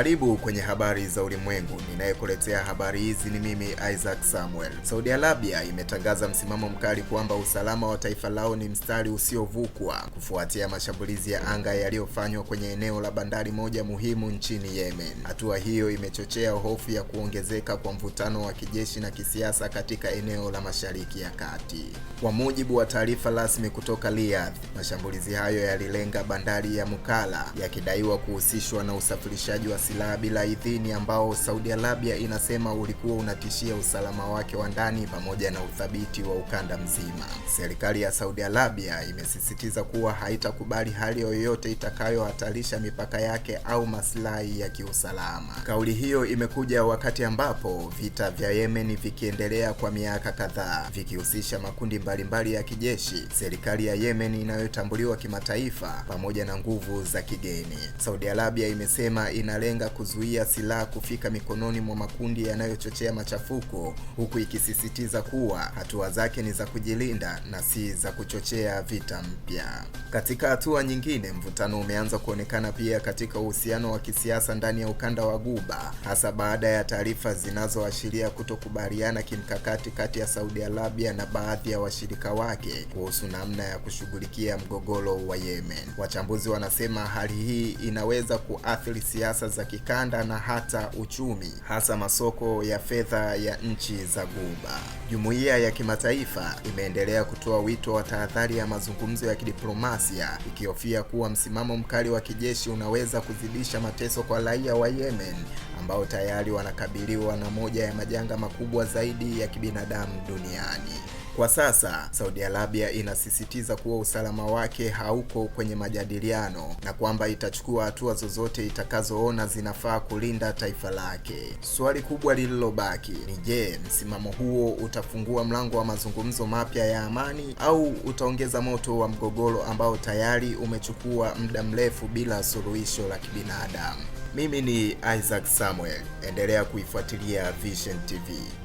Karibu kwenye habari za ulimwengu. Ninayekuletea habari hizi ni mimi Isaac Samuel. Saudi Arabia imetangaza msimamo mkali kwamba usalama wa taifa lao ni mstari usiovukwa kufuatia mashambulizi ya anga yaliyofanywa kwenye eneo la bandari moja muhimu nchini Yemen. Hatua hiyo imechochea hofu ya kuongezeka kwa mvutano wa kijeshi na kisiasa katika eneo la Mashariki ya Kati. Kwa mujibu wa taarifa rasmi kutoka Riyadh, mashambulizi hayo yalilenga bandari ya Mukalla yakidaiwa kuhusishwa na usafirishaji wa silaha bila idhini ambao Saudi Arabia inasema ulikuwa unatishia usalama wake wa ndani pamoja na uthabiti wa ukanda mzima. Serikali ya Saudi Arabia imesisitiza kuwa haitakubali hali yoyote itakayohatarisha mipaka yake au maslahi ya kiusalama. Kauli hiyo imekuja wakati ambapo vita vya Yemen vikiendelea kwa miaka kadhaa vikihusisha makundi mbalimbali ya kijeshi, serikali ya Yemen inayotambuliwa kimataifa pamoja na nguvu za kigeni. Saudi Arabia imesema inalenga ikilenga kuzuia silaha kufika mikononi mwa makundi yanayochochea machafuko, huku ikisisitiza kuwa hatua zake ni za kujilinda na si za kuchochea vita mpya. Katika hatua nyingine, mvutano umeanza kuonekana pia katika uhusiano wa kisiasa ndani ya ukanda wa Guba, hasa baada ya taarifa zinazoashiria kutokubaliana kimkakati kati ya Saudi Arabia na baadhi ya washirika wake kuhusu namna ya kushughulikia mgogoro wa Yemen. Wachambuzi wanasema hali hii inaweza kuathiri siasa za kikanda na hata uchumi, hasa masoko ya fedha ya nchi za Guba. Jumuiya ya kimataifa imeendelea kutoa wito wa tahadhari ya mazungumzo ya kidiplomasia, ikihofia kuwa msimamo mkali wa kijeshi unaweza kuzidisha mateso kwa raia wa Yemen ambao tayari wanakabiliwa na moja ya majanga makubwa zaidi ya kibinadamu duniani. Kwa sasa Saudi Arabia inasisitiza kuwa usalama wake hauko kwenye majadiliano na kwamba itachukua hatua zozote itakazoona zinafaa kulinda taifa lake. Swali kubwa lililobaki ni je, msimamo huo utafungua mlango wa mazungumzo mapya ya amani au utaongeza moto wa mgogoro ambao tayari umechukua muda mrefu bila suluhisho la kibinadamu? Mimi ni Isaac Samuel, endelea kuifuatilia Vision TV.